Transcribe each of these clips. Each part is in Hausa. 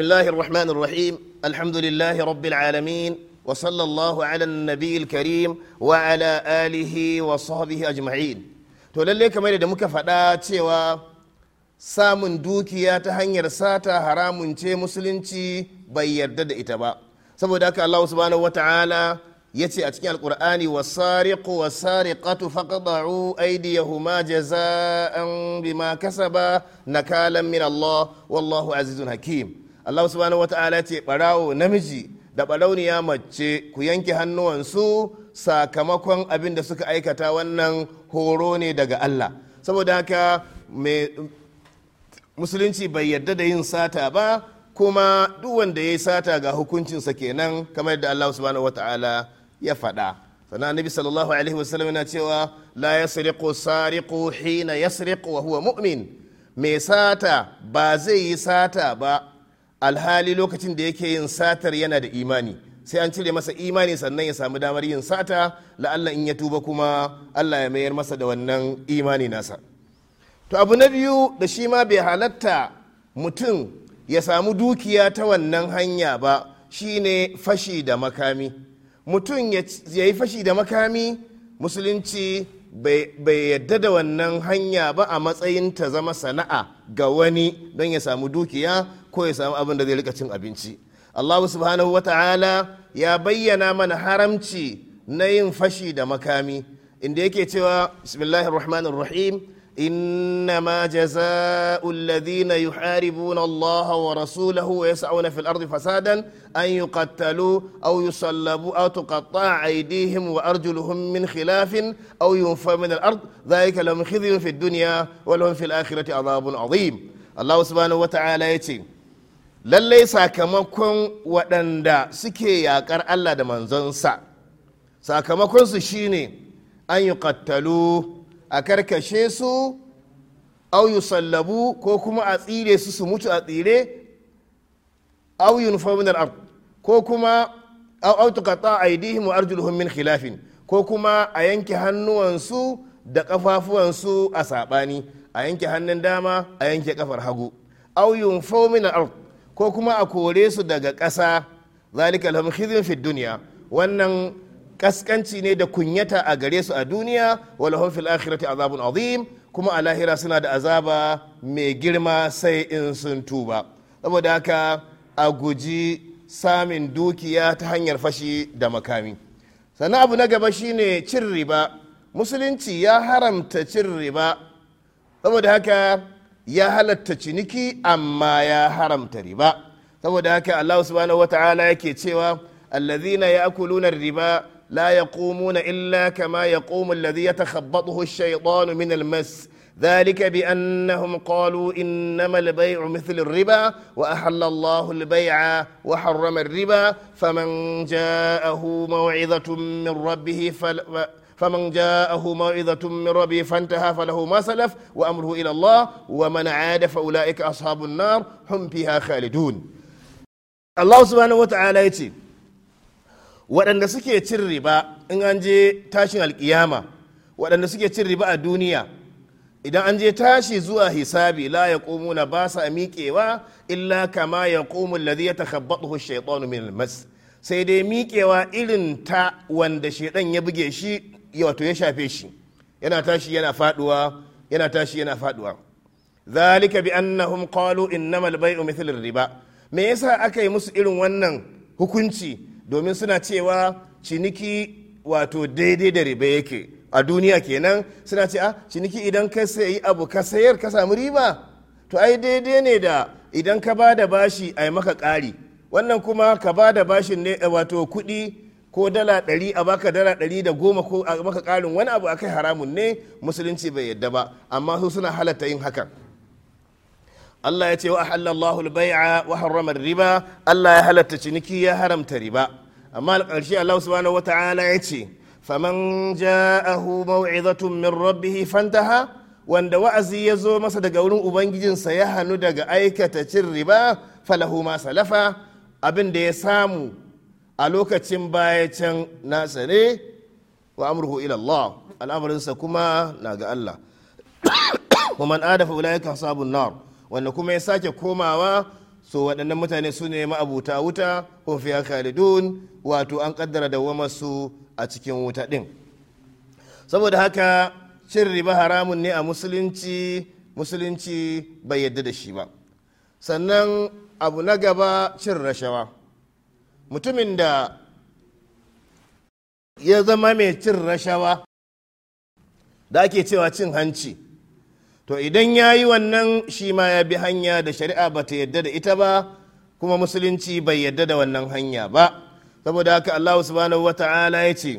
بسم الله الرحمن الرحيم الحمد لله رب العالمين وصلى الله على النبي الكريم وعلى آله وصحبه أجمعين to lalle kamar da muka faɗa cewa samun dukiya ta hanyar sata haramun ce musulunci bai yarda da ita ba saboda haka Allah subhanahu wata'ala ya ce a cikin alkur'ani wa wasariqatu faqda'u aydiyahuma jaza'an bima kasaba nakalan min Allah wallahu azizun hakim Allah subhanahu wata'ala ce barawo namiji da barauniya mace ku yanke hannuwansu sakamakon abin da suka aikata wannan horo ne daga Allah saboda haka musulunci bai yarda da yin sata ba kuma duk wanda ya yi sata ga hukuncinsa kenan kamar yadda Allah subhanahu wata'ala ya faɗa sana nabi sallallahu alaihi wasallam yana cewa la yasriqu sariqu hina yasriqu wa huwa mu'min mai sata ba zai yi sata ba alhali lokacin da yake yin satar yana da imani sai an cire masa imani sannan ya samu damar yin sata la'alla in ya tuba kuma allah ya mayar masa da wannan imani nasa to abu na biyu da shi ma bai halatta mutum ya samu dukiya ta wannan hanya ba shine fashi da makami mutum ya yi fashi da makami musulunci bai yadda da wannan hanya ba a matsayin ta zama sana'a ga wani don ya samu dukiya ko ya samu abin da zai rika cin abinci allahu subhanahu wa ta'ala ya bayyana mana haramci na yin fashi da makami inda yake cewa bismillahir rahmanir rahim إنما جزاء الذين يحاربون الله ورسوله ويسعون في الأرض فسادا أن يقتلوا أو يصلبوا أو تقطع أيديهم وأرجلهم من خلاف أو ينفى من الأرض ذلك لهم خزي في الدنيا ولهم في الآخرة عذاب عظيم الله سبحانه وتعالى يتي lallai sakamakon waɗanda suke yaƙar Allah da manzonsa sakamakonsu shine an yi a karkashe su auyu sallabu ko kuma a tsire su su mutu a tsire au yunfa min ko kuma au au a aydihim wa arjuluhum min khilafin ko kuma a yanke hannuwansu da kafafuwansu a saɓani. a yanke hannun dama a yanke kafar hagu au yunfa min ko kuma a kore su daga ƙasa zalika lahum fi duniya wannan kaskanci ne da kunyata a gare su a duniya wala fil akhirati azabun azim kuma a lahira suna da azaba mai girma sai in sun tuba saboda haka a guji samin dukiya ta hanyar fashi da makami sannan abu na gaba shine cin riba musulunci ya haramta cin riba saboda haka ya halatta ciniki amma ya haramta riba saboda haka allah subhanahu wata'ala yake cewa allazina ya'kuluna riba لا يقومون إلا كما يقوم الذي يتخبطه الشيطان من المس ذلك بأنهم قالوا إنما البيع مثل الربا وأحل الله البيع وحرم الربا فمن جاءه موعظة من ربه فل... فمن جاءه موعظة من ربه فانتهى فله ما سلف وأمره إلى الله ومن عاد فأولئك أصحاب النار هم فيها خالدون الله سبحانه وتعالى يتي waɗanda suke cin riba in an je tashin alkiyama waɗanda suke cin riba a duniya idan an je tashi zuwa hisabi la ya na ba sa miƙewa illa kama ya ƙomu ladhi ya takhabbathu shaytanu min mas sai dai miƙewa irin ta wanda shaidan ya buge shi wato ya shafe shi yana tashi yana faɗuwa. yana tashi yana faduwa zalika bi annahum qalu innamal bai'u mithl riba me yasa aka yi musu irin wannan hukunci domin suna cewa ciniki wato daidai da riba yake a duniya kenan suna ce a ah, ciniki idan ka sayi abu ka sayar ka samu riba to ai daidai ne da idan ka ba da bashi a yi maka ƙari wannan kuma ka ba da bashin ne wato kuɗi ko dala ɗari a baka dala ɗari da goma ko a maka ƙarin wani abu akai haramun ne musulunci bai yadda ba amma su suna halatta yin hakan Allah ya ce wa halallahu al-bai'a wa harrama riba Allah ya halatta ciniki ya haramta riba amma alƙarshe Allah subhanahu wata'ala ya ce faman ja'ahu maw'izatun min rabbih fantaha wanda wa'azi ya zo masa daga wurin ubangijin sa ya hannu daga aikata cin riba falahu ma salafa abin da ya samu a lokacin baya can nasa ne wa amruhu ila Allah al'amarinsa kuma na ga Allah wa man adafa ulaika hasabun nar wanda kuma ya sake komawa so waɗannan mutane su ne ma'abuta wuta hun fiya khalidun wato an kaddara dawwamarsu a cikin wuta ɗin saboda haka cin riba haramun ne a musulunci musulunci bai yadda da shi ba sannan abu na gaba cin rashawa mutumin da ya zama mai cin rashawa da ake cewa cin hanci to idan ya yi wannan shi ma ya bi hanya da shari'a bata ta yadda da ita ba kuma musulunci bai yadda da wannan hanya ba saboda haka allah subhanahu wa ta'ala ya ce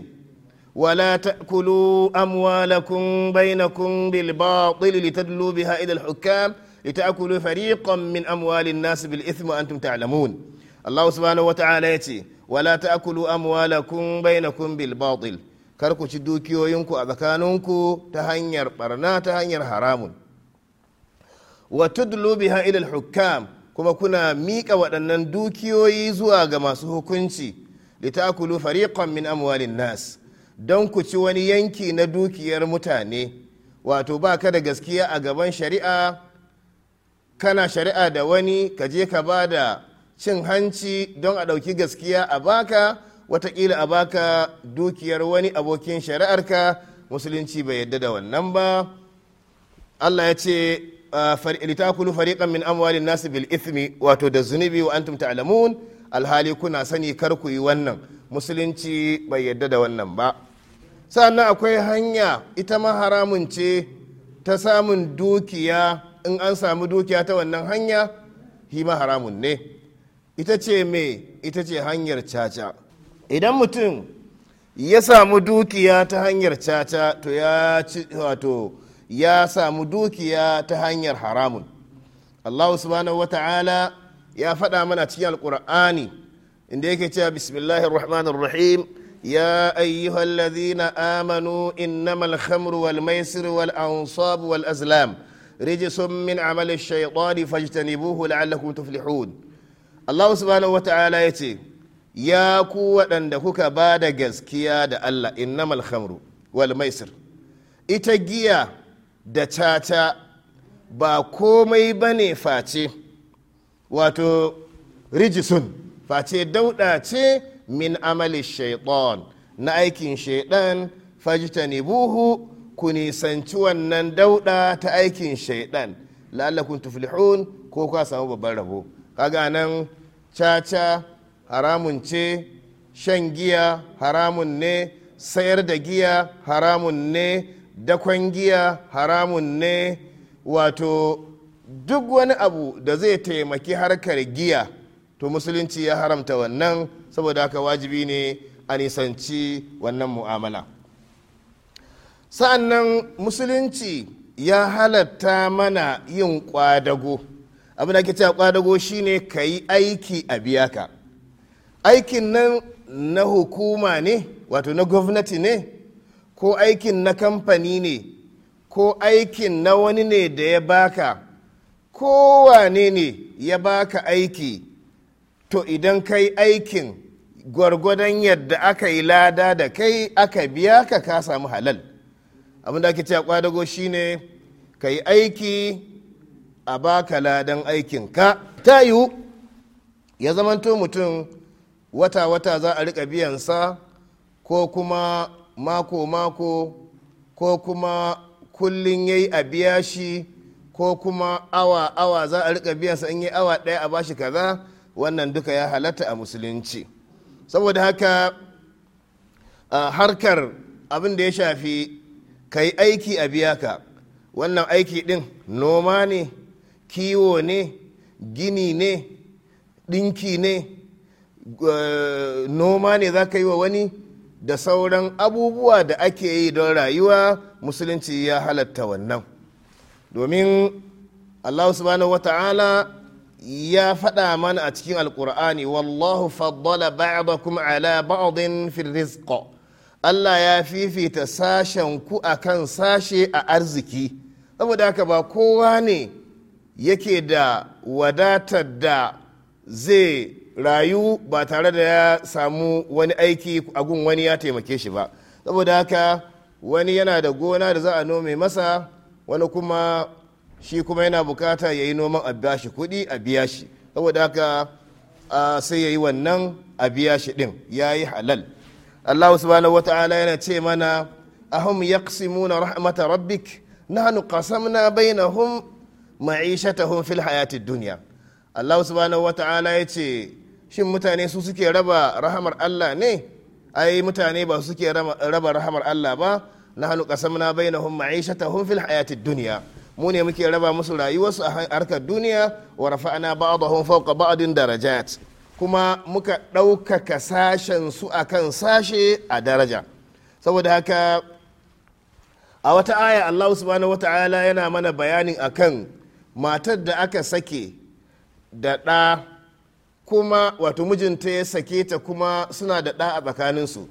wala ta'kulu amwalakum bainakum bil batil li tadlu biha ila al hukam li ta'kulu fariqan min amwalin nas bil ithm antum ta'lamun Allahu subhanahu wa ta'ala ya ce wala ta'kulu amwalakum bainakum bil batil kar ku ci dukiyoyinku a tsakaninku ta hanyar barna ta hanyar haramun wa tudlu biha ila hukam kuma kuna miƙa waɗannan dukiyoyi zuwa ga masu hukunci litakulu fariqan min amwalin nas don ku ci wani yanki na dukiyar mutane wato ba ka da gaskiya a gaban shari'a kana shari'a da wani ka je ka ba da cin hanci don a ɗauki gaskiya a baka watakila a baka dukiyar wani abokin shari'arka musulunci bai yadda da wannan ba allah ya ce litakulu fariqan min amwalin nasi bil ithmi wato da zunubi wa antum ta'lamun alhali kuna sani kar ku yi wannan musulunci bai yadda da wannan ba sannan akwai hanya ita ma haramun ce ta samun dukiya in an samu dukiya ta wannan hanya ma haramun ne ita ce me ita ce hanyar caca idan mutum ya samu dukiya ta hanyar caca to ya ci wato ya samu dukiya ta hanyar haramun allahu subhanahu wa ta'ala ya faɗa mana cikin alƙur'ani inda yake cewa bismillahi rahmanir rahim ya ayyuhal ladina amanu innama alhamru wal maisir wal ansab wal azlam rijisun min amal ash-shaytani fajtanibuhu la'allakum tuflihun allahu subhanahu wa ta'ala yace ya ku waɗanda kuka bada gaskiya da allah innama alhamru wal maisir ita giya da caca ba komai ba ne face wato rijisun face dauda ce min amali shaiɗan. na aikin shaidan buhu, ku nisanci wannan dauda ta aikin shaiton lalakun tuflihun ko ka samu babban rabo kaga nan caca haramun ce shan giya haramun ne sayar da giya haramun ne dakon giya haramun ne wato duk wani abu da zai taimaki harkar giya to musulunci ya haramta wannan saboda haka wajibi ne a nisanci wannan mu'amala sa'annan musulunci ya halatta mana yin kwadago abin da ke cewa kwadago shine ka yi aiki a biya ka aikin nan na hukuma ne wato na gwamnati ne ko aikin na kamfani ne ko aikin na wani ne da ya baka kowane ne ya baka aiki to idan kai aikin gwargwadon yadda aka yi lada da kai aka biya ka ka samu halal abinda ake cewa kwadago shine ka yi aiki a baka ladan aikin ka. ta yiwu ya zamanto mutum wata-wata za a rika biyansa ko kuma mako-mako ko kuma kullum ya yi a biya shi ko kuma awa-awa za a rika biyansa in yi awa ɗaya a bashi kaza wannan duka ya halatta a musulunci saboda haka harkar abin da ya shafi ka yi aiki a biya ka wannan aiki din noma ne kiwo ne gini ne dinki ne eh, noma ne za ka yi wa wani da sauran abubuwa da ake yi don rayuwa musulunci ya halatta wannan domin allahu subhanahu wata'ala ya faɗa mana a cikin alkur'ani wallahu faddala ba'dakum ala ba'din fi allah ya fifita sashen ku akan sashe a arziki saboda haka ba kowa ne yake da wadatar da zai rayu ba tare da ya samu wani aiki a gun wani ya taimake shi ba saboda haka wani yana da gona da za a nome masa wani kuma shi kuma yana bukata ya yi noman a biya shi kuɗi a biya shi saboda haka sai ya yi wannan a biya shi ɗin ya yi halal allahu subhanahu wata'ala yana ce mana ahum yaqsimuna rahmata rabbik nahnu qasamna bainahum ma'ishatahum fil hayatid duniya. allahu subhanahu wata'ala ya ce shin mutane su suke raba rahamar Allah ne ai mutane ba suke raba rahamar Allah ba na hannu nahnu qasamna ta ma'ishatahum fil hayatid duniya mu ne muke raba musu rayuwarsu a harkar duniya wa rafa'na ba'dahum fawqa ba'din darajat kuma muka ɗaukaka sashen su akan sashe a daraja saboda haka a wata aya Allah subhanahu wata'ala yana mana bayanin akan matar da aka sake da ɗa kuma wato mijinta ya sake ta kuma suna da ɗa a tsakaninsu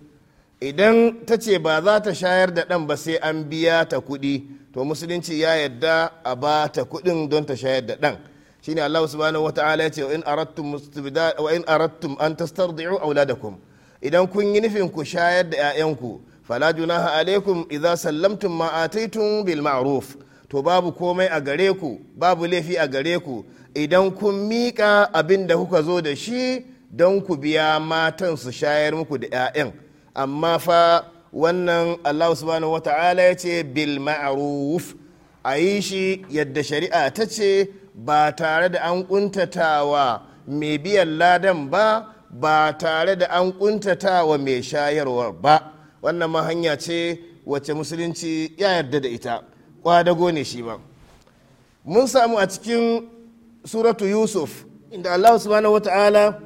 idan ta ce ba za ta shayar da ɗan ba sai an biya ta kuɗi to musulunci ya yadda a ba ta kuɗin don ta shayar da ɗan shine Allah subhanahu ta'ala ya ce wa in arattum an tastardi'u auladakum idan kun yi nufin ku shayar da 'ya'yanku fala junaha alaikum idza sallamtum ma ataitum bil ma'ruf to babu komai a gare ku babu laifi a gare ku idan kun miƙa abin da kuka zo da shi don ku biya matan su shayar muku da 'ya'yan amma fa wannan allah subhanahu wata'ala ya ce bil ma'ruf a yi shi yadda shari'a ta ce ba tare da an ƙuntatawa mai biyan ladan ba ba tare da an ƙuntatawa mai shayarwar ba wannan ma hanya ce wacce musulunci ya yarda da ita kwadago ne shi ba mun samu a cikin suratu yusuf inda allah subhanahu wata'ala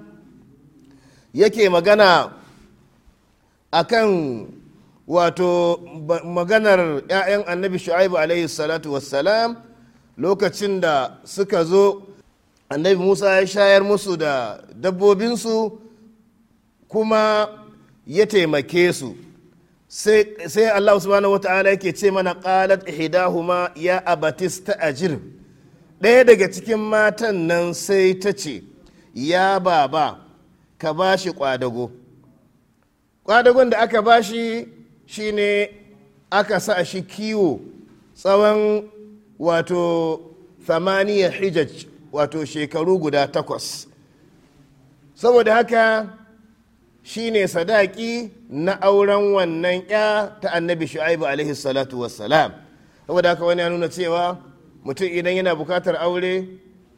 yake magana akan wato maganar 'ya'yan annabi shu'aibu alayhi salatu wassalam lokacin da suka zo annabi musa ya shayar musu da dabbobinsu kuma ya taimake su sai allah subhanahu wata'ala yake ce mana qalat ihdahuma ya abatista ajir ɗaya daga cikin matan nan sai ta ce ya baba ka ba shi kwadago kwadagon da aka ba shi shine aka sa shi kiwo tsawon wato thamaniyar hijaj wato shekaru guda takwas saboda haka shi ne sadaki na auren wannan ya ta annabi shu'aibu alaihi salatu wassalam saboda haka wani ya nuna cewa mutum idan yana bukatar aure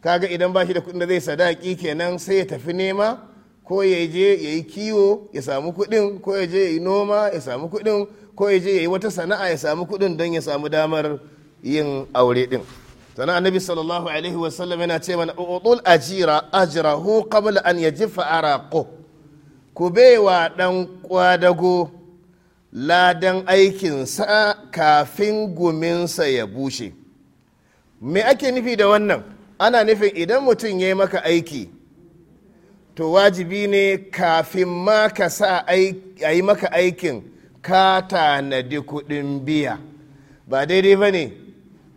kaga idan ba shi da kuɗin da zai sadaki kenan sai ya tafi nema ko ya je ya yi kiwo ya samu kuɗin ko ya je ya yi noma ya samu kuɗin ko ya je ya yi wata sana'a ya samu kuɗin don ya samu damar yin aure din sana annabi sallallahu alaihi wa sallam yana ce mana utul ajira ajrahu qabla an yajifa araqo ku baiwa dan kwadago ladan aikin sa kafin guminsa ya bushe me ake nufi da wannan ana nufin idan mutum ya yi maka aiki to wajibi ne kafin ma ka sa a yi maka aikin ka tanadi kuɗin biya ba daidai ba ne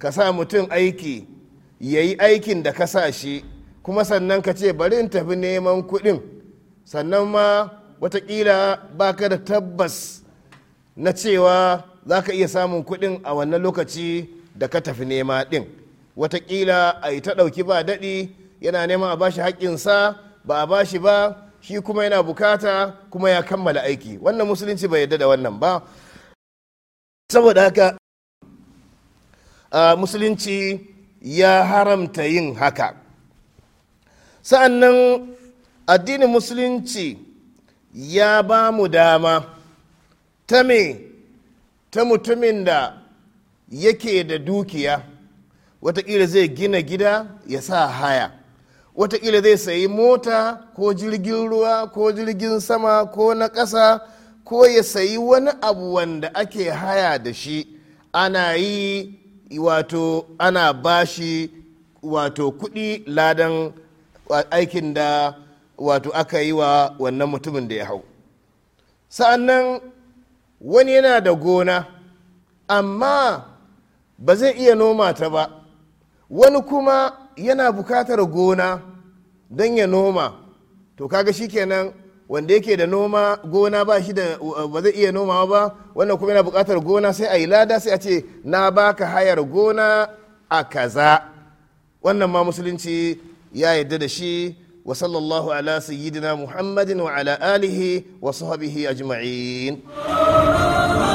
ka sa mutum aiki ya yi aikin da ka sa shi kuma sannan ka ce bari in tafi neman kuɗin sannan ma watakila ba ka da tabbas na cewa za ka iya samun kuɗin a wannan lokaci da ka tafi nema ɗin watakila a yi ta ɗauki ba daɗi yana neman a bashi haƙƙinsa ba a bashi ba shi kuma yana bukata kuma ya kammala aiki wannan musulunci bai yadda da wannan ba saboda haka musulunci ya haramta yin haka sa'annan addinin musulunci ya ba mu dama ta me ta mutumin da yake da dukiya watakila zai gina gida ya sa haya watakila zai sayi mota ko jirgin ruwa ko jirgin sama ko na ƙasa ko ya sayi wani abu wanda ake haya da shi ana yi wato ana bashi wato kuɗi ladan aikin da wato aka yi wa wannan mutumin da ya hau sa'annan wani yana da gona amma ba zai iya noma ta ba wani kuma yana bukatar gona don ya noma to kaga shi kenan wanda yake da noma gona ba shi da ba zai iya nomawa ba wannan kuma yana bukatar gona sai a yi lada sai a ce na baka hayar gona a kaza wannan ma musulunci ya yarda da shi wa sallallahu ala sayyidina muhammadin wa ala alihi wa sahbihi ajma'in